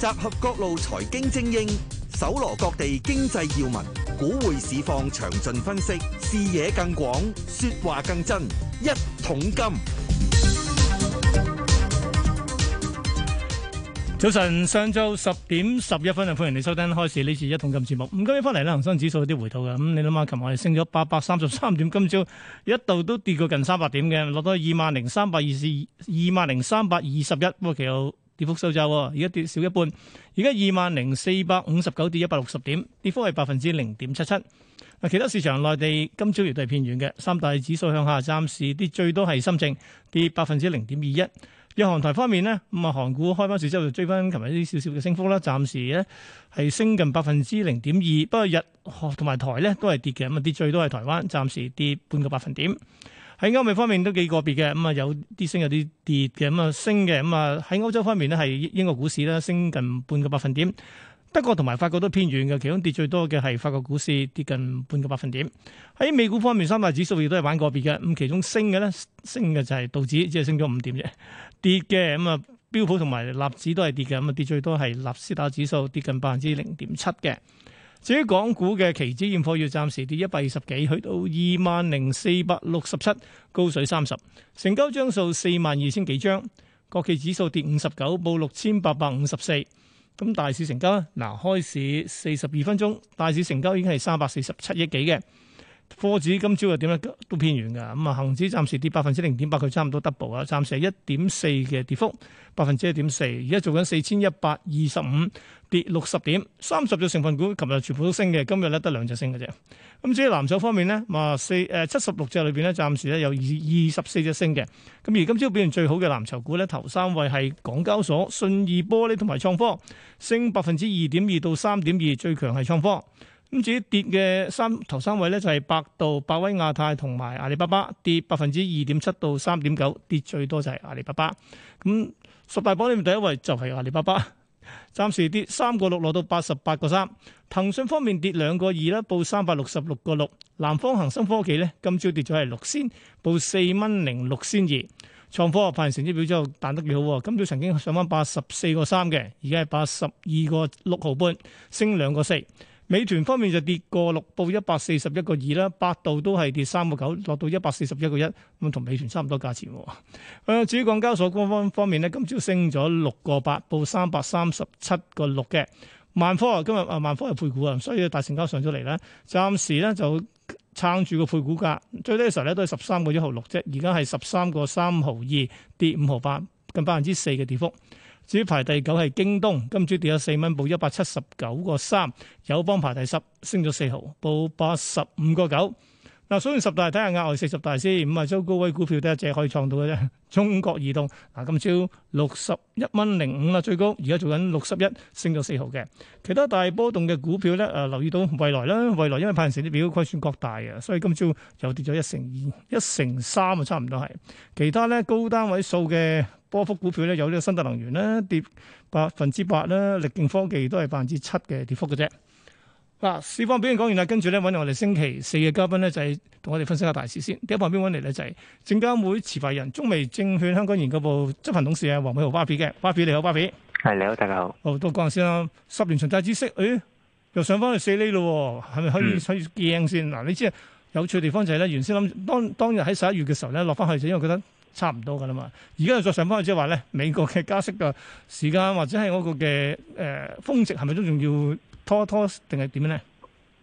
集合各路財經精英，搜羅各地經濟要聞，股匯市況詳盡分析，視野更廣，說話更真。一桶金，早晨，上晝十點十一分啊！歡迎你收聽開始呢次一桶金節目。咁今日翻嚟啦，恒生指數有啲回吐嘅。咁、嗯、你諗下，琴日係升咗八百三十三點， 今朝一度都跌過近三百點嘅，落到二萬零三百二十二萬零三百二十一。不過其實，跌幅收窄，而家跌少一半，而家二萬零四百五十九跌一百六十點，跌幅係百分之零點七七。嗱，其他市場內地今朝亦都係偏軟嘅，三大指數向下，暫時跌最多係深證跌百分之零點二一。日韓台方面呢，咁啊，韓股開翻市之後就追翻琴日啲少少嘅升幅啦，暫時咧係升近百分之零點二，不過日同埋台咧都係跌嘅，咁啊跌最多係台灣，暫時跌半個百分點。喺歐美方面都幾個別嘅，咁啊有啲升有啲跌嘅，咁啊升嘅，咁啊喺歐洲方面咧係英國股市咧升近半個百分點，德國同埋法國都偏軟嘅，其中跌最多嘅係法國股市跌近半個百分點。喺美股方面三大指數亦都係玩個別嘅，咁其中升嘅咧升嘅就係道指即係升咗五點啫，跌嘅咁啊標普同埋納指都係跌嘅，咁啊跌最多係納斯達指數跌近百分之零點七嘅。至於港股嘅期指現貨，要暫時跌一百二十幾，去到二萬零四百六十七，高水三十，成交張數四萬二千幾張。國企指數跌五十九，報六千八百五十四。咁大市成交，嗱開市四十二分鐘，大市成交已經係三百四十七億幾嘅。科指今朝又點咧？都偏軟嘅。咁啊，恒指暫時跌百分之零點八，佢差唔多 double 啊，暫時係一點四嘅跌幅，百分之一點四。而家做緊四千一百二十五，跌六十點。三十隻成分股，琴日全部都升嘅，今日咧得兩隻升嘅啫。咁至於藍籌方面呢，嘛四誒七十六隻裏邊呢，暫時咧有二二十四隻升嘅。咁而今朝表現最好嘅藍籌股呢，頭三位係港交所、信義玻璃同埋創科，升百分之二點二到三點二，最強係創科。咁至於跌嘅三頭三位咧，就係、是、百度、百威亞太同埋阿里巴巴跌百分之二點七到三點九，跌最多就係阿里巴巴。咁、嗯、十大榜裏面第一位就係阿里巴巴，暫時跌三個六攞到八十八個三。騰訊方面跌兩個二啦，報三百六十六個六。南方恒生科技咧今朝跌咗係六仙，報四蚊零六仙二。創科派成績表之後彈得幾好喎，今朝曾經上翻八十四個三嘅，而家係八十二個六毫半，升兩個四。美團方面就跌過六，報一百四十一個二啦，百度都係跌三個九，落到一百四十一個一，咁同美團差唔多價錢喎，呃，至於港交所官方方面咧，今朝升咗六個八，報三百三十七個六嘅。萬科啊，今日啊萬科係配股啊，所以大成交上咗嚟咧，暫時咧就撐住個配股價，最低嘅時候咧都係十三個一毫六啫，而家係十三個三毫二，跌五毫八，近百分之四嘅跌幅。至於排第九係京東，今朝跌咗四蚊，報一百七十九個三。友邦排第十，升咗四毫，報八十五個九。嗱，數完十大睇下額外四十大先。五啊，周高位股票得一隻可以創到嘅啫。中國移動嗱，今朝六十一蚊零五啦，最高，而家做緊六十一，升咗四毫嘅。其他大波動嘅股票咧，誒留意到蔚來啦，蔚來因為派人成績表虧損過大啊，所以今朝又跌咗一成二一成三啊，差唔多係。其他咧高單位數嘅。波幅股票咧有呢個新特能源咧，跌百分之八咧，力勁科技都係百分之七嘅跌幅嘅啫。嗱，市況表現講完啦，跟住咧搵我哋星期四嘅嘉賓咧就係、是、同我哋分析下大市先。第一旁邊搵嚟咧就係證監會持牌人中微證券香港研究部執行董事啊黃偉豪巴比嘅，巴比你好巴比，係你好，你好大家好。好、哦，多講下先啦。十年長債知識，誒、哎，又上翻去四厘咯，係咪可以、嗯、可以驚先？嗱、啊，你知啊，有趣嘅地方就係咧，原先諗當當日喺十一月嘅時候咧落翻去，就因為覺得。差唔多噶啦嘛，而家又再上翻去，即係話咧，美國嘅加息嘅時間或者係我個嘅誒峰值係咪都仲要拖拖定係點樣咧？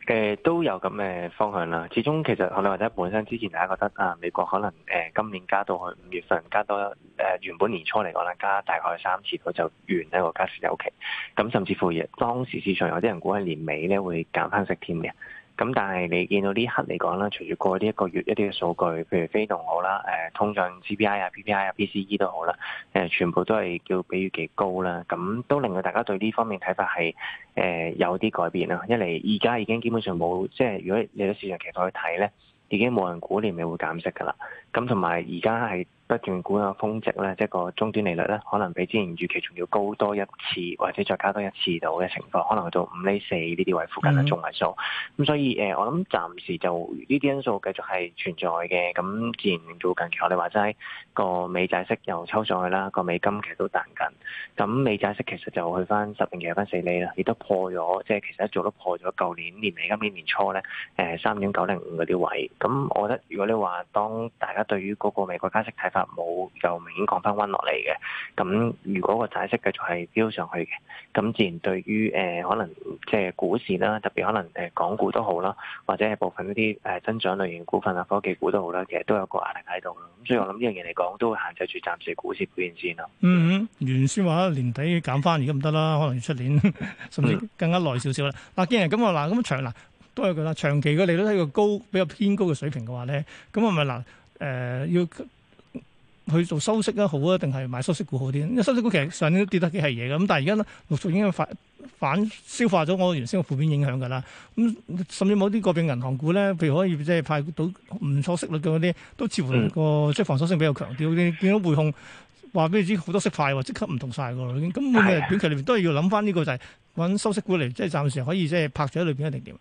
誒，都有咁嘅方向啦。始終其實可能或者本身之前大家覺得啊，美國可能誒、呃、今年加到去五月份加多誒、呃、原本年初嚟講咧加大概三次，我就完呢個加息周期、OK。咁甚至乎亦當時市場有啲人估係年尾咧會減翻息添嘅。咁但係你見到呢刻嚟講啦，隨住過呢一個月一啲嘅數據，譬如非農好啦，誒通脹 CPI 啊、PPI 啊、PCE 都好啦，誒全部都係叫比預期高啦，咁都令到大家對呢方面睇法係誒、呃、有啲改變啦。一嚟而家已經基本上冇，即係如果你喺市場期內去睇咧，已經冇人估年尾會減息噶啦。咁同埋而家係。不斷估下峰值咧，即係個終端利率咧，可能比之前預期仲要高多一次，或者再加多一次到嘅情況，可能去到五厘四呢啲位附近嘅中位數。咁所以誒，我諗暫時就呢啲因素繼續係存在嘅。咁自然做近期我哋話齋個美債息又抽上去啦，個美金其實都彈緊。咁美債息其實就去翻十年期有翻四厘啦，亦都破咗，即係其實一早都破咗舊年年尾今年年初咧，誒三點九零五嗰啲位。咁我覺得如果你話當大家對於嗰個美國加息睇冇就明顯降翻溫落嚟嘅，咁如果個債息繼續係飆上去嘅，咁自然對於誒、呃、可能即係股市啦，特別可能誒港股都好啦，或者係部分一啲誒增長類型股份啊、科技股都好啦，其實都有個壓力喺度。咁所以我諗呢樣嘢嚟講，都會限制住暫時股市表現先啦。嗯嗯，原先話年底減翻，而家唔得啦，可能出年甚至更加耐少少啦。嗱、啊，既然咁話嗱，咁長嗱，都係佢啦長期嘅利率喺個高比較偏高嘅水平嘅話咧，咁係咪嗱誒要。要要去做收息啦，好啊，定係買收息股好啲？因為收息股其實上年都跌得幾係嘢嘅。咁但係而家陸續已經反反消化咗我原先嘅負面影響噶啦。咁、嗯、甚至某啲個別銀行股咧，譬如可以即係派到唔錯息率嘅嗰啲，都似乎個即係防守性比較強啲。見到匯控話俾你知好多息快喎，即刻唔同晒噶啦。咁我咪短期裏邊都係要諗翻呢個就係、是、揾收息股嚟，即係暫時可以即係拍住喺裏邊，一定點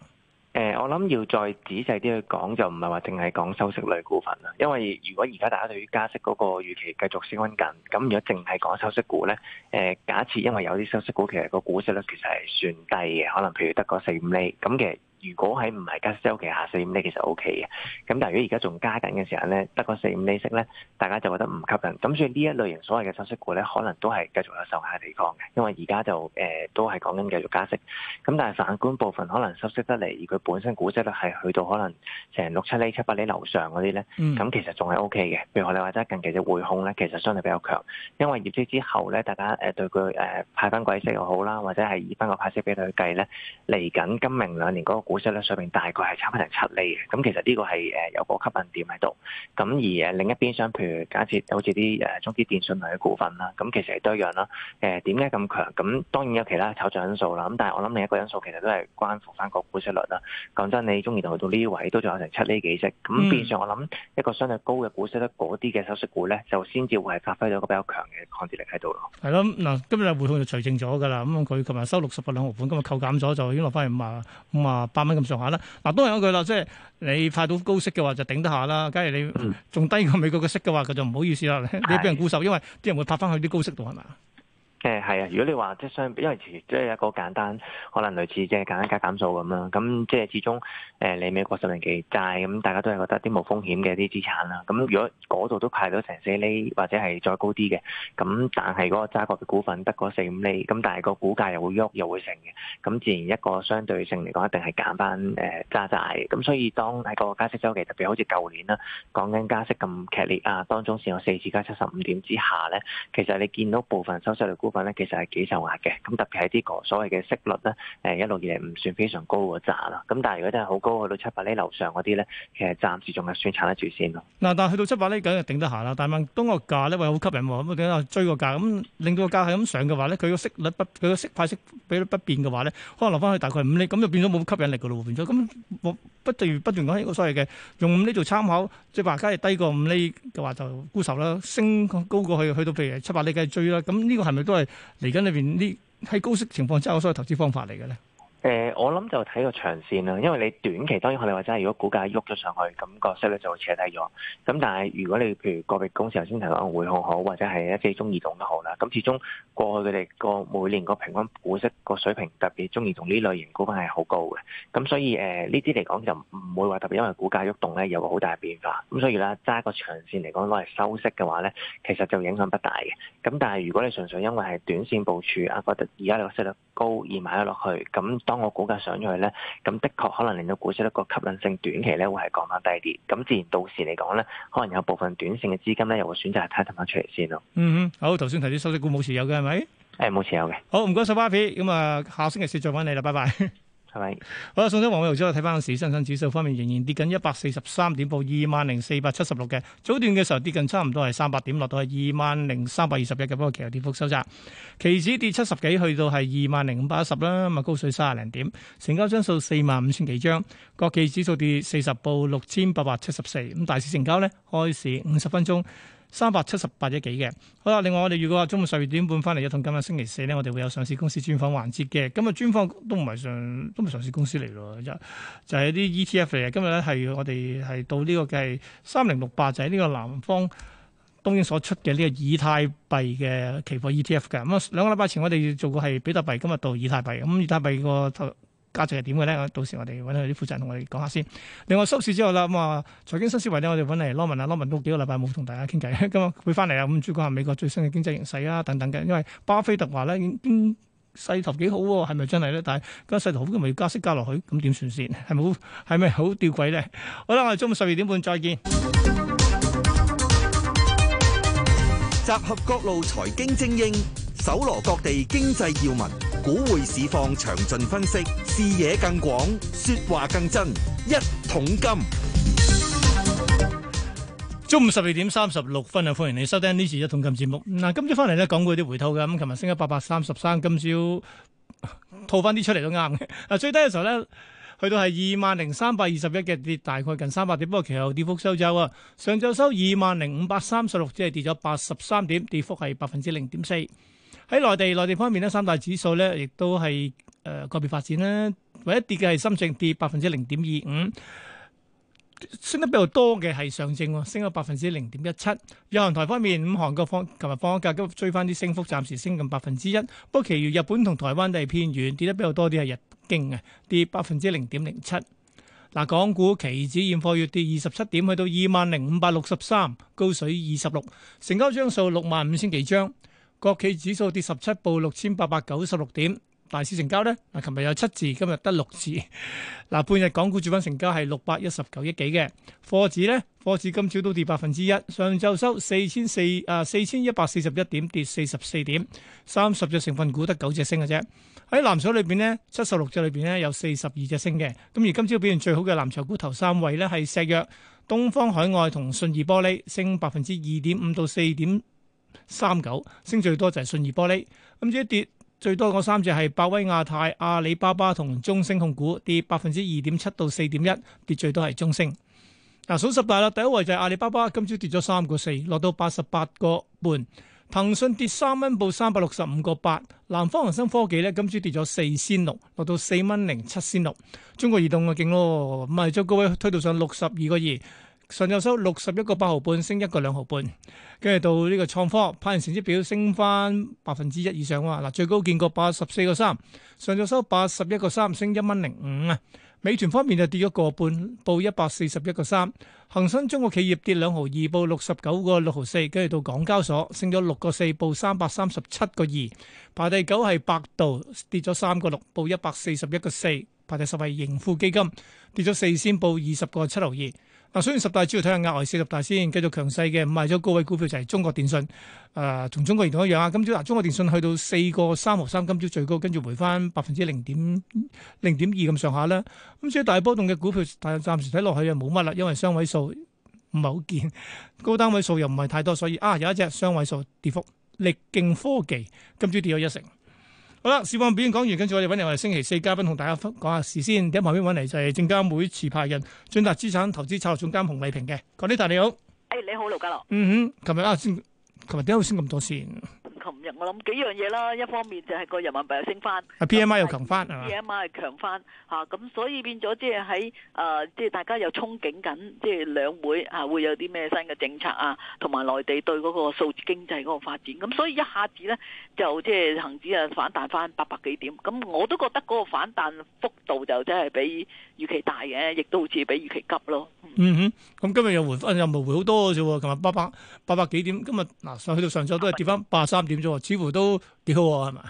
誒、呃，我諗要再仔細啲去講，就唔係話淨係講收息類股份啦。因為如果而家大家對於加息嗰個預期繼續升溫緊，咁如果淨係講收息股呢，誒、呃，假設因為有啲收息股其實個股息率其實係算低嘅，可能譬如得個四五厘咁嘅。如果喺唔係加息週期下，四五厘其實 O K 嘅。咁但係如果而家仲加緊嘅時候咧，得個四五厘息咧，大家就覺得唔吸引。咁所以呢一類型所謂嘅收息股咧，可能都係繼續有受壓地方嘅。因為而家就誒、呃、都係講緊繼續加息。咁但係反觀部分可能收息得嚟，而佢本身股息率係去到可能成六七厘、七八厘樓上嗰啲咧，咁、嗯、其實仲係 O K 嘅。譬如我哋話齋近期嘅匯控咧，其實相對比較強，因為業績之後咧，大家誒對佢誒派翻鬼息又好啦，或者係以翻個派息俾佢計咧，嚟緊今明兩年嗰、那，個股息率上面大概係差唔多成七厘嘅，咁其實呢個係誒有個吸引點喺度，咁而誒另一邊廂，譬如假設好似啲誒中資電信類嘅股份啦，咁其實係都一樣啦。誒點解咁強？咁當然有其他炒作因素啦。咁但係我諗另一個因素其實都係關乎翻個股息率啦。講真、嗯，你中意到到呢位都仲有成七厘幾息，咁變相我諗一個相對高嘅股息率，嗰啲嘅收息股咧，就先至會係發揮到一個比較強嘅抗跌力喺度咯。係咯、嗯，嗱、嗯嗯，今日匯控就除淨咗㗎啦。咁佢琴日收六十個兩毫半，今日扣減咗就已經落翻係五啊五啊。百蚊咁上下啦，嗱，當然有句啦，即係你派到高息嘅話就頂得下啦。假如你仲低過美國嘅息嘅話，佢就唔好意思啦，嗯、 你俾人沽售，因為啲人會派翻去啲高息度係咪啊？誒係啊！如果你話即係相比，因為其實即係一個簡單，可能類似即係簡單加減數咁啦。咁即係始終誒、呃，你美國十年期債咁，大家都係覺得啲冇風險嘅啲資產啦。咁如果嗰度都派到成四厘，或者係再高啲嘅，咁但係嗰個揸國嘅股份得嗰四五厘，咁但係個股價又會喐，又會成嘅。咁自然一個相對性嚟講，一定係減翻誒揸債。咁所以當喺個加息周期，特別好似舊年啦，講緊加息咁劇烈啊，當中試過四次加七十五點之下咧，其實你見到部分收息率股。其實係幾受壓嘅，咁特別係啲、呢個所謂嘅息率咧，誒一路以嚟唔算非常高個扎啦，咁但係如果真係好高去到七百厘樓上嗰啲咧，其實暫時仲係算撐得住先咯。嗱，但係去到七百厘，梗係頂得下啦。但係問當個價咧，喂好吸引喎，咁點解追個價咁令到個價係咁上嘅話咧，佢個息，息率不佢個息快息比率不變嘅話咧，可能留翻去大概五厘咁就變咗冇吸引力噶咯，變咗咁。不對，不斷講起個所謂嘅用五釐做參考，即係話梗係低過五厘嘅話就沽售啦，升高過去去到譬如七八厘梗係追啦，咁呢個係咪都係嚟緊裏邊呢喺高息情況之下嘅所有投資方法嚟嘅咧？誒、呃，我諗就睇個長線啦，因為你短期當然我哋話真係，如果股價喐咗上去，咁、那個息率就會扯低咗。咁但係如果你譬如個別公司頭先提到匯控好，或者係一啲中移動得好啦，咁始終過去佢哋個每年個平均股息個水平，特別中移動呢類型股份係好高嘅。咁所以誒，呢啲嚟講就唔會話特別因為股價喐動咧有個好大嘅變化。咁所以啦，揸個長線嚟講攞嚟收息嘅話咧，其實就影響不大嘅。咁但係如果你純粹因為係短線部署，啊，覺得而家你個息率，高而買咗落去，咁當我股價上咗去咧，咁的確可能令到股息一個吸引性短期咧會係降翻低啲，咁自然到時嚟講咧，可能有部分短線嘅資金咧又會選擇係睇淡翻出嚟先咯。嗯哼，好，頭先提啲收息股冇持有嘅係咪？誒，冇、欸、持有嘅。好，唔該收翻皮，咁啊，下星期四再揾你啦，拜拜。 好啦，送咗黃偉豪之後，睇翻個市，恒生指數方面仍然跌緊一百四十三點，報二萬零四百七十六嘅。早段嘅時候跌近差唔多係三百點，落到係二萬零三百二十一嘅。不過其後跌幅收窄，期指跌七十幾，去到係二萬零五百一十啦，咁啊高水三十零點。成交張數四萬五千幾張，國企指數跌四十，報六千八百七十四。咁大市成交咧，開市五十分鐘。三百七十八億幾嘅，好啦，另外我哋如果話中午十二點半翻嚟，一同今日星期四咧，我哋會有上市公司專訪環節嘅。咁啊，專訪都唔係上，都唔係上市公司嚟咯，就就係啲 ETF 嚟嘅。今日咧係我哋係到呢、呢個嘅係三零六八，68，就係呢個南方東英所出嘅呢個以太幣嘅期貨 ETF 嘅。咁、嗯、啊，兩個禮拜前我哋做過係比特幣，今日到以太幣，咁、嗯、以太幣個。價值係點嘅咧？咁到時我哋揾佢啲負責人同我哋講下先。另外收市之後啦，咁啊財經新思維咧，我哋揾嚟羅文啊，羅文都幾個禮拜冇同大家傾偈，咁啊佢翻嚟啊，咁主要係美國最新嘅經濟形勢啊等等嘅。因為巴菲特話咧，經勢頭幾好喎，係咪真係咧？但係個勢頭究竟咪要加息加落去？咁點算先？係咪係咪好吊詭咧？好啦，我哋中午十二點半再見。集合各路財經精英，搜羅各地經濟要聞。股匯市況詳盡分析，視野更廣，說話更真。一桶金，中午十二點三十六分啊！歡迎你收聽呢次一桶金節目。嗱，今朝翻嚟咧，講過啲回吐嘅，咁琴日升咗八百三十三，今朝吐翻啲出嚟都啱嘅。嗱，最低嘅時候咧，去到係二萬零三百二十一嘅，跌，大概近三百點，不過其後跌幅收窄啊。上晝收二萬零五百三十六，只係跌咗八十三點，跌幅係百分之零點四。喺內地，內地方面咧，三大指數咧，亦都係誒個別發展咧。唯一跌嘅係深證跌百分之零點二五，升得比較多嘅係上證升咗百分之零點一七。有韓台方面，咁韓國放琴日放咗假，跟住追翻啲升幅，暫時升近百分之一。不過，其餘日本同台灣都係偏遠，跌得比較多啲係日經嘅，跌百分之零點零七。嗱、啊，港股期指現貨月跌二十七點，去到二萬零五百六十三，高水二十六，成交張數六萬五千幾張。國企指數跌十七步六千八百九十六點，大市成交咧，嗱，琴日有七字，今日得六字。嗱，半日港股主板成交係六百一十九億幾嘅，科指咧，科指今朝都跌百分之一，上晝收四千四啊四千一百四十一點，跌四十四點，三十隻成份股得九隻升嘅啫。喺藍籌裏邊咧，七十六隻裏邊咧有四十二隻升嘅，咁而今朝表現最好嘅藍籌股頭三位咧係石藥、東方海外同信義玻璃，升百分之二點五到四點。三九升最多就係信義玻璃，咁至於跌最多嗰三隻係百威亞太、阿里巴巴同中升控股，跌百分之二點七到四點一，跌最多係中升。嗱、啊，數十大啦，第一位就係阿里巴巴，今朝跌咗三個四，落到八十八個半。騰訊跌三蚊，報三百六十五個八。南方恒生科技咧，今朝跌咗四仙六，落到四蚊零七仙六。中國移動嘅勁咯，咪將高位推到上六十二個二。上晝收六十一個八毫半，升一個兩毫半。跟住到呢個創科派完成績表升，升翻百分之一以上。嗱，最高見過八十四個三。上晝收八十一個三，升一蚊零五啊。美團方面就跌咗個半，報一百四十一個三。恒生中國企業跌兩毫二，報六十九個六毫四。跟住到港交所，升咗六個四，報三百三十七個二。排第九係百度，跌咗三個六，報一百四十一個四。排第十係盈富基金，跌咗四先，報二十個七毫二。嗱，雖然、啊、十大主要睇下額外四十大先，繼續強勢嘅，賣咗高位股票就係中國電信。誒、呃，同中國移動一樣啊，今朝嗱，中國電信去到四個三毫三，今朝最高，跟住回翻百分之零點零點二咁上下啦。咁、嗯、所以大波動嘅股票，但係暫時睇落去啊冇乜啦，因為雙位數唔係好見，高單位數又唔係太多，所以啊有一隻雙位數跌幅，ault, 力勁科技今朝跌咗一成。好啦，市況表演講完，跟住我哋揾嚟我哋星期四嘉賓，同大家講下事先。喺旁邊揾嚟就係證監會持牌人駿達資產投資策略總監洪麗萍嘅，嗰啲大家你好。誒、哎，你好，盧家樂。嗯哼，琴日啊先，琴日點解會升咁多先？琴日我諗幾樣嘢啦，一方面就係個人民幣又升翻，啊 P M I 又強翻，P M I 強翻，吓咁、啊、所以變咗即係喺誒，即、呃、係大家又憧憬緊，即係兩會吓會有啲咩新嘅政策啊，同埋內地對嗰個數字經濟嗰個發展，咁所以一下子咧就即係恒指啊反彈翻八百幾點，咁我都覺得嗰個反彈幅度就真係比預期大嘅，亦都好似比預期急咯。嗯，嗯哼，咁今日又回又冇回好多嘅啫，喎，琴日八百八百幾點，今日嗱、啊、上去到上晝都係跌翻八三。點咗？似乎都幾好喎，係嘛？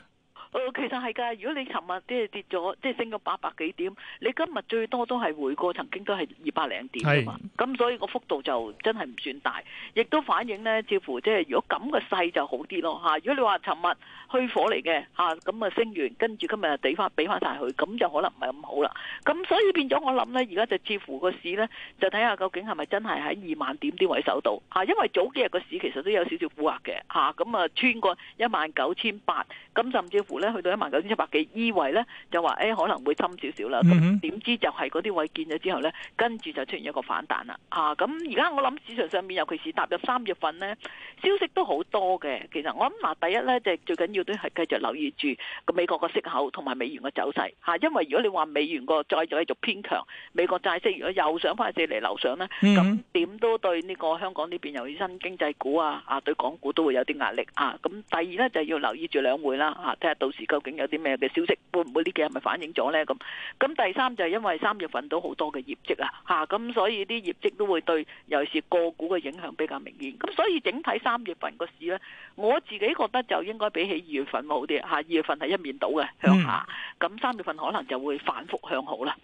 其實係噶，如果你尋日即係跌咗，即係升咗八百幾點，你今日最多都係回過曾經都係二百零點啊嘛，咁是所以個幅度就真係唔算大，亦都反映呢，似乎即係如果咁嘅勢就好啲咯吓。如果你話尋日虛火嚟嘅吓，咁啊升完跟住今日就俾翻俾翻晒佢，咁就可能唔係咁好啦。咁所以變咗我諗呢，而家就似乎個市呢，就睇下究竟係咪真係喺二萬點呢位守到。吓、啊，因為早幾日個市其實都有少少沽壓嘅吓，咁啊穿過一萬九千八，咁甚至乎呢。去到一萬九千七百幾，依、e、位咧就話誒可能會深少少啦。咁點知就係嗰啲位見咗之後咧，跟住就出現一個反彈啦。嚇、啊！咁而家我諗市場上面，尤其是踏入三月份咧，消息都好多嘅。其實我諗嗱，第一咧就係、最緊要都係繼續留意住個美國個息口同埋美元嘅走勢嚇、啊。因為如果你話美元個再繼續偏強，美國債息如果又想上翻四厘樓上咧，咁、啊、點都對呢個香港呢邊又新經濟股啊啊對港股都會有啲壓力啊。咁第二咧就是、要留意住兩會啦嚇，睇、啊、下到時。究竟有啲咩嘅消息，會唔會呢幾日咪反映咗咧？咁咁第三就係、是、因為三月份到好多嘅業績啊，嚇、啊、咁所以啲業績都會對尤其是個股嘅影響比較明顯。咁、啊、所以整體三月份個市咧，我自己覺得就應該比起二月份好啲嚇。二、啊、月份係一面倒嘅向下，咁三、嗯啊、月份可能就會反覆向好啦。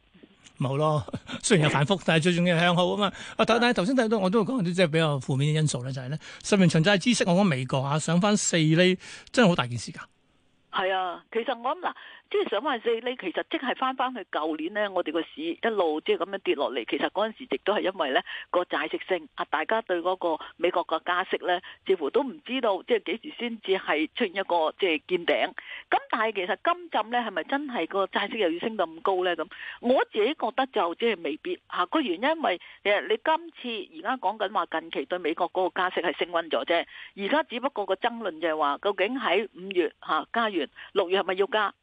冇咯，雖然有反覆， 但係最重要係向好啊嘛。啊，但係頭先睇到我都會講啲即係比較負面嘅因素咧，就係、是、咧十年長債孳息，我講美國啊，上返四厘，真係好大件事㗎。係啊，其實我諗嗱。即係想話四，你其實即係翻翻去舊年呢，我哋個市一路即係咁樣跌落嚟。其實嗰陣時亦都係因為呢、嗰個債息升，啊大家對嗰個美國個加息呢，似乎都唔知道即係幾時先至係出現一個即係、就係、見頂。咁但係其實今陣呢，係咪真係個債息又要升到咁高呢？咁我自己覺得就即係未必嚇個、啊、原因，因為其實你今次而家講緊話近期對美國嗰個加息係升溫咗啫。而家只不過個爭論就係話，究竟喺五月嚇、啊、加完，六月係咪要加？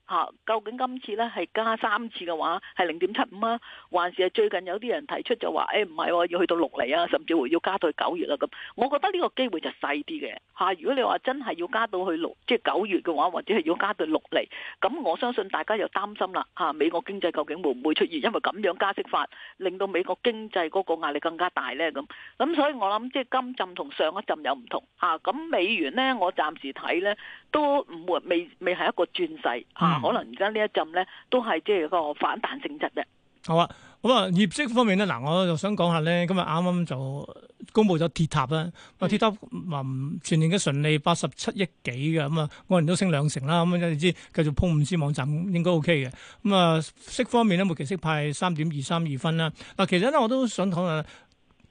究竟今次呢係加三次嘅話係零點七五啊，還是係最近有啲人提出就話，誒唔係喎，要去到六厘啊，甚至乎要、啊啊、要加到去九月啦咁。我覺得呢個機會就細啲嘅嚇。如果你話真係要加到去六，即係九月嘅話，或者係要加到六厘，咁我相信大家又擔心啦嚇、啊。美國經濟究竟會唔會出現因為咁樣加息法，令到美國經濟嗰個壓力更加大呢？咁。咁所以我諗即係今浸同上一浸有唔同嚇。咁、啊、美元呢，我暫時睇呢。都唔會未未係一個轉勢吓，嗯、可能而家呢一浸咧都係即係個反彈性質嘅，好啊，咁啊，業績方面咧，嗱，我就想講下咧，今日啱啱就公布咗鐵塔啦。啊，鐵塔話、嗯、全年嘅純利八十七億幾嘅，咁、嗯、啊，我年都升兩成啦，咁、嗯、你知繼續鋪五 G 網站應該 O K 嘅。咁、嗯、啊，息方面咧，末期息派三點二三二分啦。嗱，其實咧我都想講下。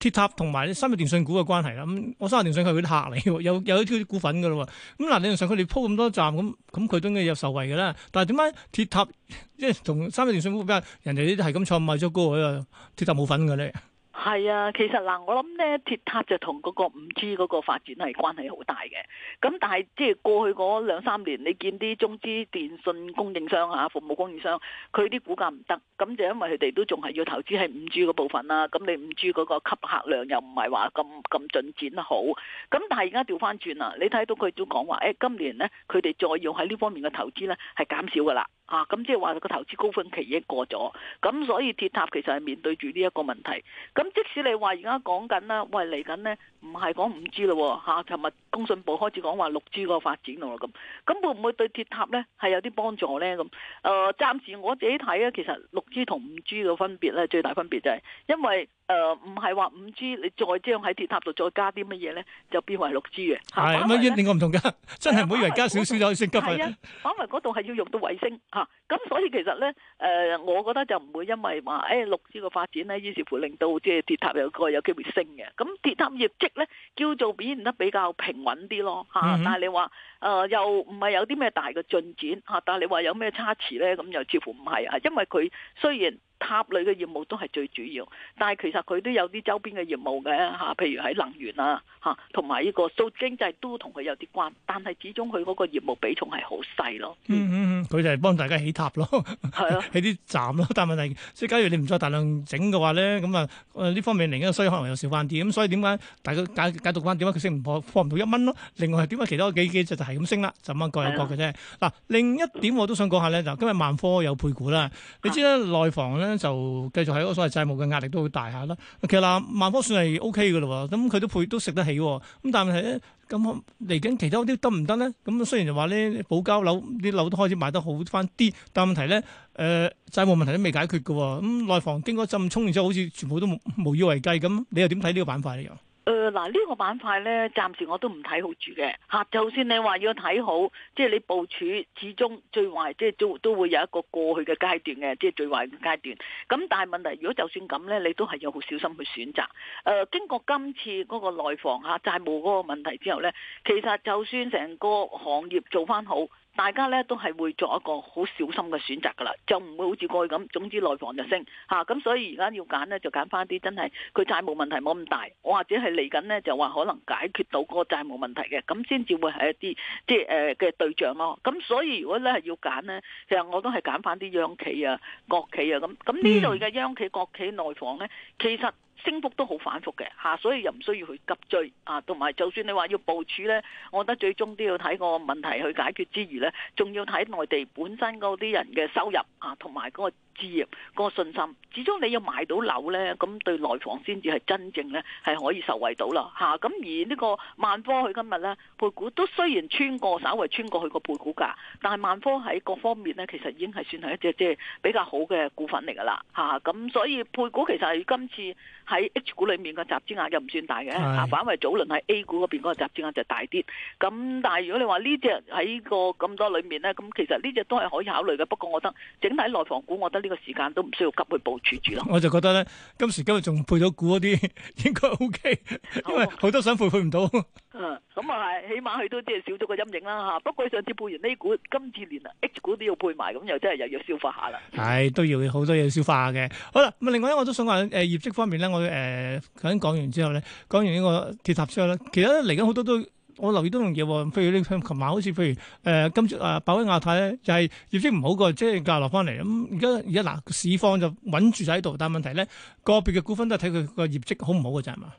鐵塔同埋三日電訊股嘅關係啦，我三日電訊係佢啲客嚟，有有啲股份噶咯喎。咁嗱，理論上佢哋鋪咁多站，咁咁佢都應該有受惠嘅啦。但係點解鐵塔即係同三日電訊股比較，人哋啲係咁坐買咗高？股，鐵塔冇份嘅咧？係啊，其實嗱，我諗咧，鐵塔就同嗰個五 G 嗰個發展係關係好大嘅。咁但係即係過去嗰兩三年，你見啲中資電信供應商吓、啊，服務供應商，佢啲股價唔得，咁就因為佢哋都仲係要投資喺五 G 嗰部分啦。咁你五 G 嗰個吸客量又唔係話咁咁進展好。咁但係而家調翻轉啦，你睇到佢都講話，誒、欸，今年呢，佢哋再要喺呢方面嘅投資呢，係減少噶啦。啊，咁即係話，個投資高峰期已經過咗，咁所以鐵塔其實係面對住呢一個問題。咁即使你話而家講緊啦，喂，嚟緊咧。唔係講五 G 咯喎，嚇、啊！尋日工信部開始講話六 G 個發展喎咁，咁、啊、會唔會對鐵塔咧係有啲幫助咧咁？誒、啊，暫時我自己睇咧，其實六 G 同五 G 個分別咧，最大分別就係、是、因為誒唔係話五 G 你再將喺鐵塔度再加啲乜嘢咧，就變為六 G 嘅。係咁樣呢個唔同嘅，真係每樣加少少就可以升級。係啊，反為嗰度係要用到衛星嚇，咁、啊、所以其實咧誒、呃，我覺得就唔會因為話誒六 G 個發展咧，於是乎令到即係鐵塔有個有機會升嘅。咁、啊、鐵塔業績。咧叫做表現得比較平穩啲咯吓，但係你話。誒又唔係有啲咩大嘅進展嚇，但係你話有咩差池咧，咁又似乎唔係，係因為佢雖然塔類嘅業務都係最主要，但係其實佢都有啲周邊嘅業務嘅嚇，譬如喺能源啊嚇，同埋呢個數經濟都同佢有啲關，但係始終佢嗰個業務比重係好細咯。佢就係幫大家起塔咯，係咯，起啲站咯。但係問題，即係假如你唔再大量整嘅話咧，咁啊呢方面嚟緊所以可能又少翻啲。咁所以點解大家解解讀翻點解？佢升唔破，破唔到一蚊咯。另外係點解其他幾幾隻？係咁升啦，就乜各有各嘅啫。嗱、啊，另一點我都想講下咧，就今日萬科有配股啦。你知啦，內房咧就繼續喺嗰所謂債務嘅壓力都大下啦。其實嗱、啊，萬科算係 O K 嘅咯，咁佢都配都食得起、哦。咁但係咧，咁嚟緊其他啲得唔得咧？咁雖然就話咧，保交樓啲樓都開始賣得好翻啲，但問題咧，誒、呃、債務問題都未解決嘅、哦。咁、嗯、內房經過浸陣衝完之後，好似全部都無，無以為繼咁。你又點睇呢個板塊咧？又？誒，嗱呢個板塊呢，暫時我都唔睇好住嘅嚇。就算你話要睇好，即係你部署始終最壞即係都都會有一個過去嘅階段嘅，即係最壞嘅階段。咁但係問題，如果就算咁呢，你都係要好小心去選擇。誒，經過今次嗰個內房嚇，債務嗰個問題之後呢，其實就算成個行業做翻好。大家咧都係會做一個好小心嘅選擇㗎啦，就唔會好似過去咁，總之內房就升嚇，咁、啊、所以而家要揀咧就揀翻啲真係佢債務問題冇咁大，我或者係嚟緊咧就話可能解決到個債務問題嘅，咁先至會係一啲即係誒嘅對象咯。咁所以如果咧係要揀咧，其實我都係揀翻啲央企啊、國企啊咁。咁呢度嘅央企、國企內房咧，其實。升幅都好反覆嘅吓，所以又唔需要去急追啊。同埋就算你話要部署咧，我覺得最終都要睇個問題去解決之餘咧，仲要睇內地本身嗰啲人嘅收入啊，同埋嗰個。置業個信心，始終你要買到樓咧，咁對內房先至係真正咧係可以受惠到啦，吓、啊、咁而呢個萬科佢今日咧配股都雖然穿過，稍微穿過去個配股價，但係萬科喺各方面咧，其實已經係算係一隻即係比較好嘅股份嚟噶啦，吓、啊、咁所以配股其實係今次喺 H 股裏面個集資額又唔算大嘅，吓是反為早輪喺 A 股嗰邊個集資額就大啲。咁但係如果你話呢隻喺個咁多裏面咧，咁其實呢隻都係可以考慮嘅。不過我覺得整體內房股，我覺得呢。呢個時間都唔需要急去部署住咯。我就覺得咧，今時今日仲配到股嗰啲，應該 O K，因為好多想配配唔到、哦。嗯，咁啊係，起碼佢都即係少咗個陰影啦吓。不過上次配完 A 股今次連，啊，H 股都要配埋，咁又真係又要消化下啦。係、哎、都要好多嘢消化嘅。好啦，咁啊，另外咧，我都想話誒、呃，業績方面咧，我誒、頭先、呃、講完之後咧，講完呢個鐵塔之後咧，其實嚟緊好多都。我留意到一樣嘢喎，譬如你琴晚好似譬如誒、呃、今朝啊，飽溫亞太咧，就係、是、業績唔好過，即係價落翻嚟咁。而家而家嗱，市況就穩住喺度，但問題咧，個別嘅股份都係睇佢個業績好唔好㗎咋，係嘛？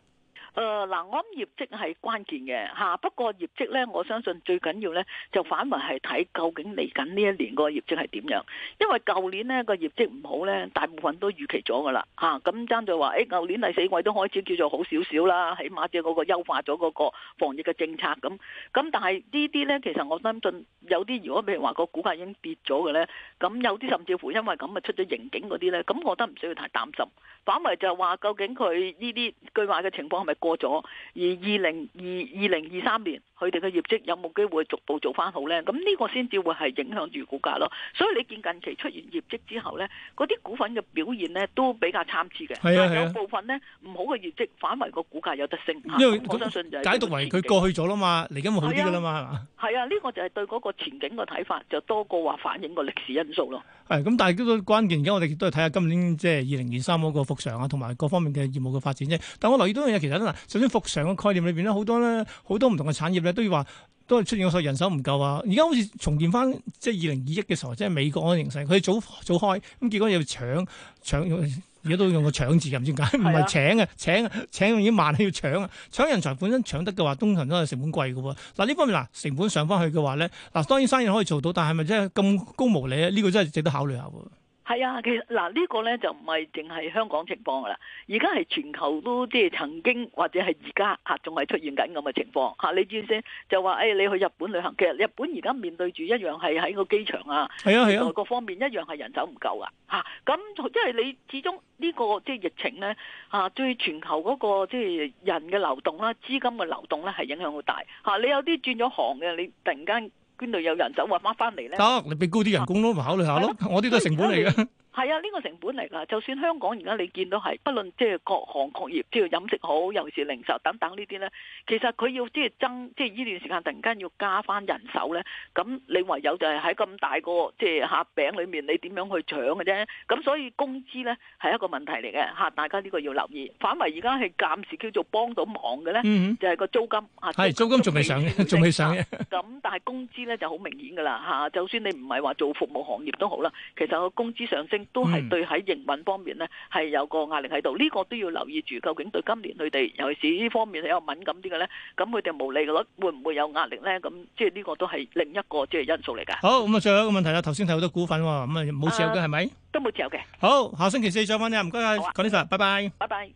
誒嗱、呃，我諗業績係關鍵嘅嚇、啊，不過業績咧，我相信最緊要咧就反為係睇究竟嚟緊呢一年個業績係點樣，因為舊年呢個業績唔好咧，大部分都預期咗㗎啦嚇，咁爭在話誒舊年第四季都開始叫做好少少啦，起碼就係嗰個優化咗嗰個防疫嘅政策咁，咁但係呢啲咧其實我相信有啲如果譬如話個股價已經跌咗嘅咧，咁有啲甚至乎因為咁咪出咗刑警嗰啲咧，咁我覺得唔需要太擔心，反為就係話究竟佢呢啲據話嘅情況係咪過咗，而二零二二零二三年。佢哋嘅業績有冇機會逐步做翻好咧？咁呢個先至會係影響住股價咯。所以你見近期出現業績之後咧，嗰啲股份嘅表現咧都比較參差嘅。係啊，有部分咧唔好嘅業績反為個股價有得升。因為、啊、我相信就係解讀為佢過去咗啦嘛，嚟緊咪好啲㗎啦嘛。係啊，呢、啊呢個就係對嗰個前景嘅睇法，就多過話反映個歷史因素咯。係咁、啊，但係都關鍵，而家我哋都係睇下今年即係二零二三嗰個復常啊，同埋各方面嘅業務嘅發展啫。但我留意到一樣嘢，其實都首先復常嘅概念裏邊咧，好多咧好多唔同嘅產業都話都係出現咗人手唔夠啊！而家好似重建翻，即係二零二一嘅時候，即係美國嘅形成，佢早早開咁，結果又搶搶，而家都用個搶字，唔知解，唔係請啊，請啊請已經慢，係要搶啊！搶人才本身搶得嘅話，通常都係成本貴嘅。嗱、啊、呢方面嗱，成本上翻去嘅話咧，嗱、啊、當然生意可以做到，但係咪真係咁高毛利啊？呢、這個真係值得考慮下。係啊，其實嗱、啊這個、呢個咧就唔係淨係香港情況噶啦，而家係全球都即係曾經或者係而家嚇仲係出現緊咁嘅情況嚇、啊。你知先就話誒、哎，你去日本旅行，其實日本而家面對住一樣係喺個機場啊，係啊係啊，各方面一樣係人手唔夠啊嚇。咁因為你始終呢、這個即係疫情咧嚇、啊，對全球嗰、那個即係人嘅流動啦、資金嘅流動咧係影響好大嚇、啊。你有啲轉咗行嘅，你突然間。邊度有人走，我阿媽翻嚟咧。得，你俾高啲人工咯，咪、啊、考慮下咯。的我啲都係成本嚟嘅。哎係啊，呢個成本嚟噶。就算香港而家你見到係，不論即係各行各業，即係飲食好，尤其是零售等等呢啲咧，其實佢要即係增，即係呢段時間突然間要加翻人手咧，咁你唯有就係喺咁大個即係客餅裏面，你點樣去搶嘅啫？咁所以工資咧係一個問題嚟嘅，吓，大家呢個要留意。反為而家係暫時叫做幫到忙嘅咧，就係個租金啊，係租金仲未上，仲未上嘅。咁但係工資咧就好明顯噶啦，吓，就算你唔係話做服務行業都好啦，其實個工資上升。都係對喺營運方面咧，係有個壓力喺度。呢個都要留意住，究竟對今年佢哋，尤其是呢方面係有敏感啲嘅咧，咁佢哋冇利嘅率會唔會有壓力咧？咁即係呢個都係另一個即係因素嚟噶。好，咁啊，最後一個問題啦。頭先睇好多股份，咁啊冇持有嘅係咪？都冇持有嘅。好，下星期四再翻嚟，唔該晒，講呢度，拜拜。拜拜。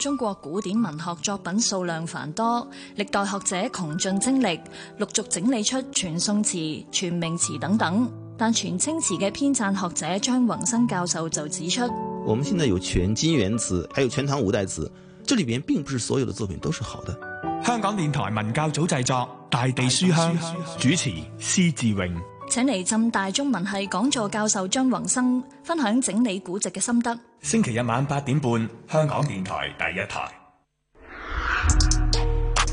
中國古典文學作品數量繁多，歷代學者窮盡精力，陸續整理出全宋詞、全明詞等等。但全清詞嘅編撰學者張宏生教授就指出：我們現在有全金元詞，還有全唐五代詞，這裏面並不是所有的作品都是好的。香港電台文教組製作，《大地書香》書香，主持施志榮，香請嚟浸大中文系講座教授張宏生分享整理古籍嘅心得。星期日晚八點半，香港電台第一台。嗯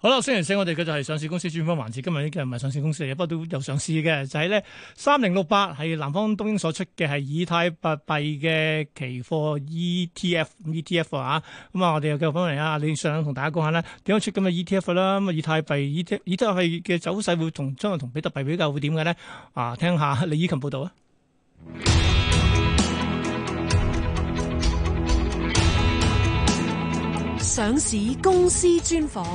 好啦，星期四我哋嘅，就係上市公司專訪環節。今日呢個唔係上市公司嚟，不過都有上市嘅，就係咧三零六八，係南方東英所出嘅，係以太幣嘅期貨 ETF ETF 啊，咁啊我哋又繼續翻嚟啊，李尚同大家講下咧點樣出咁嘅 ETF 啦，啊，咁以太幣以、啊、以太幣嘅、啊、走勢會同將嚟同比特幣比較會點嘅咧啊，聽下李以琴報道啊。上市公司專訪。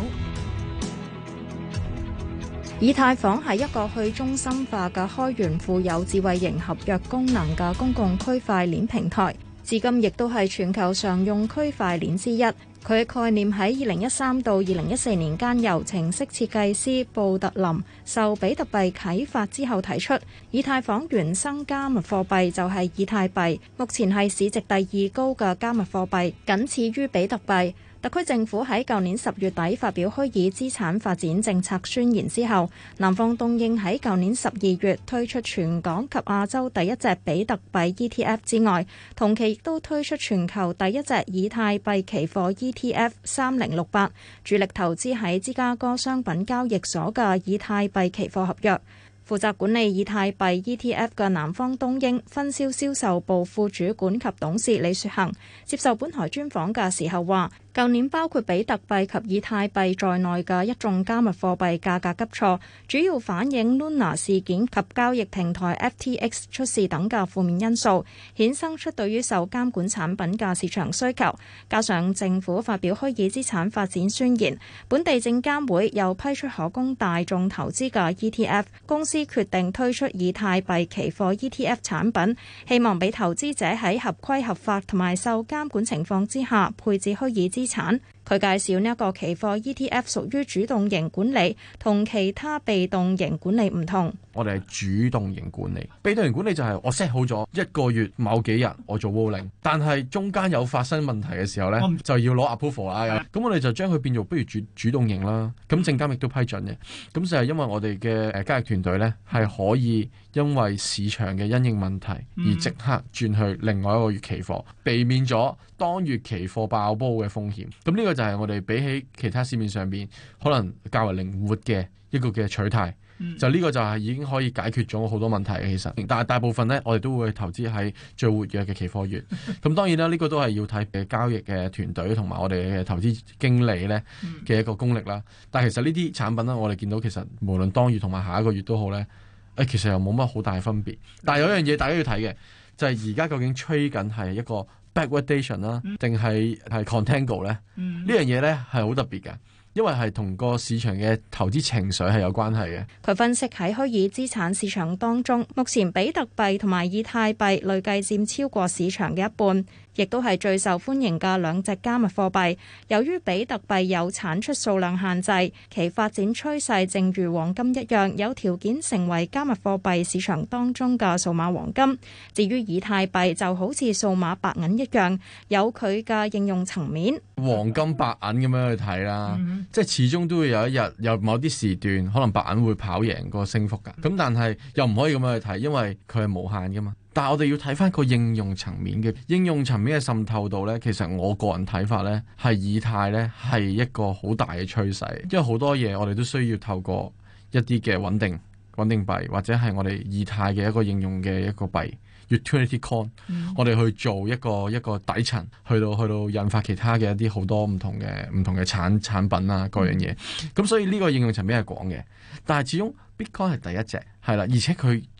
以太坊係一個去中心化嘅開源富有智慧型合約功能嘅公共區塊鏈平台，至今亦都係全球常用區塊鏈之一。佢嘅概念喺二零一三到二零一四年間由程式設計師布特林受比特幣啟發之後提出。以太坊原生加密貨幣就係以太幣，目前係市值第二高嘅加密貨幣，僅次於比特幣。特區政府喺舊年十月底發表虛擬資產發展政策宣言之後，南方東英喺舊年十二月推出全港及亞洲第一隻比特幣 ETF 之外，同期亦都推出全球第一隻以太幣期貨 ETF 三零六八，主力投資喺芝加哥商品交易所嘅以太幣期貨合約。負責管理以太幣 ETF 嘅南方東英分銷銷售部副主管及董事李雪恒接受本台專訪嘅時候話。舊年包括比特幣及以太幣在內嘅一眾加密貨幣價格急挫，主要反映 Luna 事件及交易平台 FTX 出事等嘅負面因素，衍生出對於受監管產品嘅市場需求。加上政府發表虛擬資產發展宣言，本地證監會又批出可供大眾投資嘅 ETF，公司決定推出以太幣期貨 ETF 產品，希望俾投資者喺合規合法同埋受監管情況之下配置虛擬資。資產。佢介紹呢一個期貨 ETF 屬於主動型管理，同其他被動型管理唔同。我哋係主動型管理，被動型管理就係我 set 好咗一個月某幾日我做 rolling 但係中間有發生問題嘅時候咧，嗯、就要攞 approval 啦、嗯。咁我哋就將佢變做不如主主動型啦。咁證監亦都批准嘅。咁就係因為我哋嘅誒交易團隊咧，係可以因為市場嘅因應問題而即刻轉去另外一個月期貨，避免咗當月期貨爆煲嘅風險。咁呢個。就係我哋比起其他市面上面可能較為靈活嘅一個嘅取態，嗯、就呢個就係已經可以解決咗好多問題。其實，但係大部分呢，我哋都會投資喺最活躍嘅期貨月。咁 當然啦，呢、這個都係要睇嘅交易嘅團隊同埋我哋嘅投資經理呢嘅、嗯、一個功力啦。但係其實呢啲產品呢，我哋見到其實無論當月同埋下一個月都好呢，誒、哎，其實又冇乜好大分別。嗯、但係有一樣嘢大家要睇嘅，就係而家究竟 trade 緊係一個。backwardation 啦，定係係 contango 咧，呢樣嘢咧，係好特別嘅，因為係同個市場嘅投資情緒係有關係嘅。佢分析喺虛擬資產市場當中，目前比特幣同埋以太幣累計佔超過市場嘅一半。亦都係最受歡迎嘅兩隻加密貨幣。由於比特幣有產出數量限制，其發展趨勢正如黃金一樣，有條件成為加密貨幣市場當中嘅數碼黃金。至於以太幣，就好似數碼白銀一樣，有佢嘅應用層面。黃金白銀咁樣去睇啦，嗯、哼即係始終都會有一日有某啲時段，可能白銀會跑贏個升幅㗎。咁但係又唔可以咁樣去睇，因為佢係無限㗎嘛。但係我哋要睇翻個應用層面嘅，應用層面嘅滲透度咧，其實我個人睇法咧，係以太咧係一個好大嘅趨勢，因為好多嘢我哋都需要透過一啲嘅穩定穩定幣或者係我哋以太嘅一個應用嘅一個幣 Utility Coin，我哋去做一個一個底層，去到去到引發其他嘅一啲好多唔同嘅唔同嘅產產品啊各樣嘢。咁、嗯、所以呢個應用層面係廣嘅，但係始終 Bitcoin 係第一隻係啦，而且佢。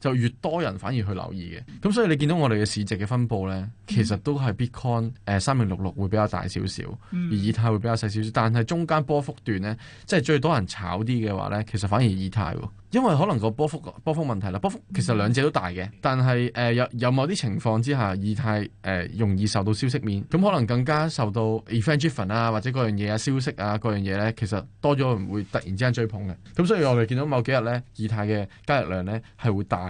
就越多人反而去留意嘅，咁所以你見到我哋嘅市值嘅分布咧，其實都係 Bitcoin 誒、呃、三零六六會比較大少少，而以太會比較細少少。但係中間波幅段咧，即係最多人炒啲嘅話咧，其實反而以太，因為可能個波幅波幅問題啦，波幅其實兩者都大嘅，但係誒有有某啲情況之下，以太誒、呃、容易受到消息面，咁可能更加受到 event driven 啊或者嗰樣嘢啊消息啊嗰樣嘢咧，其實多咗人會突然之間追捧嘅。咁所以我哋見到某幾日咧，以太嘅交易量咧係會大。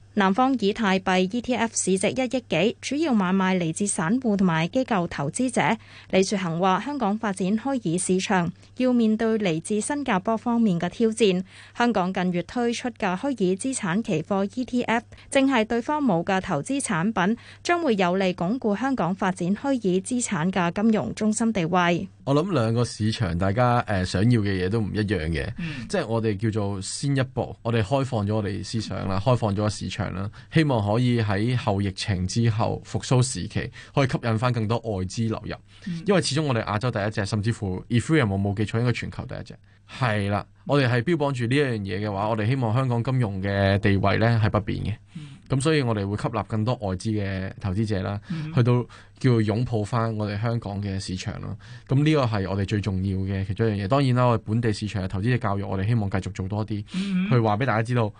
南方以太幣 ETF 市值一億幾，主要買賣嚟自散戶同埋機構投資者。李樹恒話：香港發展虛擬市場，要面對嚟自新加坡方面嘅挑戰。香港近月推出嘅虛擬資產期貨 ETF，正係對方冇嘅投資產品，將會有利鞏固香港發展虛擬資產嘅金融中心地位。我諗兩個市場，大家誒想要嘅嘢都唔一樣嘅，即係 我哋叫做先一步，我哋開放咗我哋思想啦，開放咗市場。啦，希望可以喺後疫情之後復蘇時期，可以吸引翻更多外資流入，嗯、因為始終我哋亞洲第一隻，甚至乎 i、e、f、um、我冇冇記錯應該全球第一隻，係啦，我哋係標榜住呢一樣嘢嘅話，我哋希望香港金融嘅地位咧係不變嘅，咁、嗯、所以我哋會吸納更多外資嘅投資者啦，去到叫擁抱翻我哋香港嘅市場咯，咁呢個係我哋最重要嘅其中一樣嘢。當然啦，我哋本地市場嘅投資者教育，我哋希望繼續做多啲，去話俾大家知道。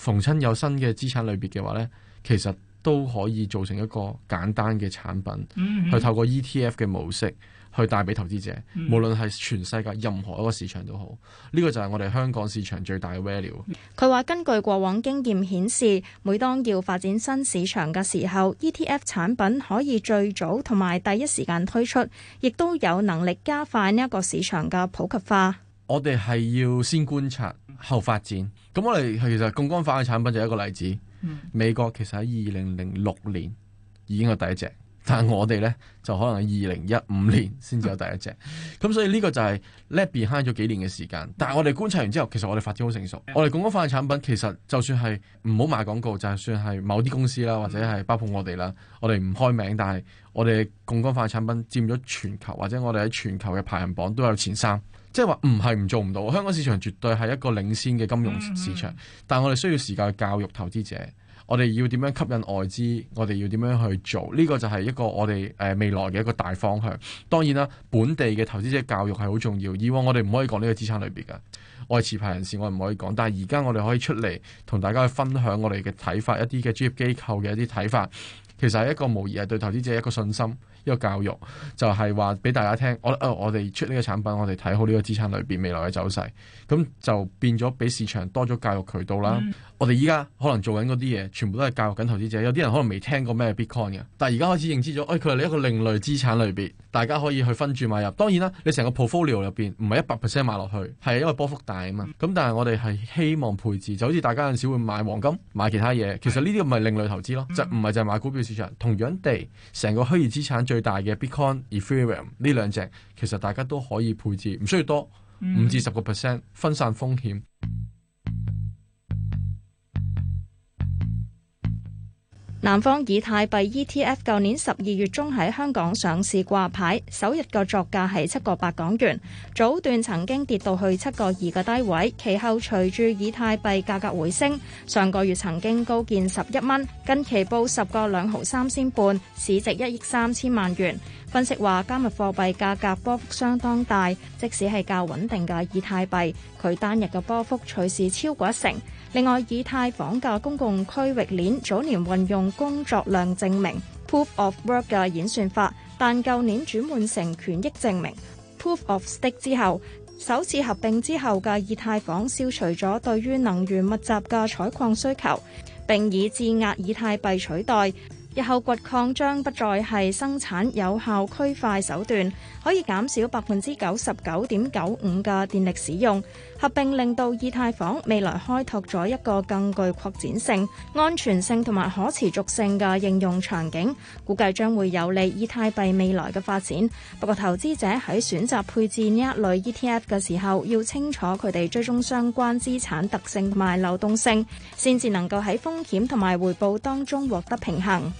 逢親有新嘅資產類別嘅話呢，其實都可以做成一個簡單嘅產品，mm hmm. 去透過 ETF 嘅模式去帶俾投資者，mm hmm. 無論係全世界任何一個市場都好。呢個就係我哋香港市場最大嘅 value。佢話：根據過往經驗顯示，每當要發展新市場嘅時候，ETF 產品可以最早同埋第一時間推出，亦都有能力加快呢一個市場嘅普及化。我哋係要先觀察後發展。咁我哋其實槓桿化嘅產品就一個例子。嗯、美國其實喺二零零六年已經係第一隻，但係我哋呢就可能喺二零一五年先至有第一隻，咁、嗯、所以呢個就係 lag behind 慳咗幾年嘅時間，但係我哋觀察完之後，其實我哋發展好成熟，嗯、我哋槓桿化嘅產品其實就算係唔好賣廣告，就算係某啲公司啦，嗯、或者係包括我哋啦，我哋唔開名，但係我哋槓桿化嘅產品佔咗全球或者我哋喺全球嘅排行榜都有前三。即係話唔係唔做唔到，香港市場絕對係一個領先嘅金融市場。但係我哋需要時間教，教育投資者，我哋要點樣吸引外資，我哋要點樣去做？呢、這個就係一個我哋誒未來嘅一個大方向。當然啦，本地嘅投資者教育係好重要。以往我哋唔可以講呢個資產類別㗎，我係持牌人士，我唔可以講。但係而家我哋可以出嚟同大家去分享我哋嘅睇法，一啲嘅專業機構嘅一啲睇法，其實係一個無疑係對投資者一個信心。一個教育就係話俾大家聽，我誒、哦、我哋出呢個產品，我哋睇好呢個資產裏邊未來嘅走勢，咁就變咗俾市場多咗教育渠道啦。嗯我哋依家可能做緊嗰啲嘢，全部都係教育緊投資者。有啲人可能未聽過咩 Bitcoin 嘅，但係而家開始認知咗。誒、哎，佢係一個另類資產類別，大家可以去分住買入。當然啦，你成個 portfolio 入邊唔係一百 percent 買落去，係因為波幅大啊嘛。咁但係我哋係希望配置，就好似大家有陣時會買黃金、買其他嘢。其實呢啲唔係另類投資咯，就唔係就係買股票市場。同樣地，成個虛擬資產最大嘅 Bitcoin、Ethereum 呢兩隻，其實大家都可以配置，唔需要多五至十個 percent 分散風險。南方以太幣 ETF 舊年十二月中喺香港上市掛牌，首日嘅作價係七個八港元，早段曾經跌到去七個二嘅低位，其後隨住以太幣價格回升，上個月曾經高見十一蚊，近期報十個兩毫三仙半，市值一億三千萬元。分析話加密貨幣價格波幅相當大，即使係較穩定嘅以太幣，佢單日嘅波幅隨時超過一成。另外，以太坊嘅公共區域鏈早年運用工作量證明 （proof of work） 嘅演算法，但舊年轉換成權益證明 （proof of s t i c k 之後，首次合併之後嘅以太坊消除咗對於能源密集嘅採礦需求，並以質押以太幣取代。日後掘礦將不再係生產有效區塊手段，可以減少百分之九十九點九五嘅電力使用。合併令到以太坊未來開拓咗一個更具擴展性、安全性同埋可持續性嘅應用場景，估計將會有利以太幣未來嘅發展。不過，投資者喺選擇配置呢一類 ETF 嘅時候，要清楚佢哋追蹤相關資產特性同埋流動性，先至能夠喺風險同埋回報當中獲得平衡。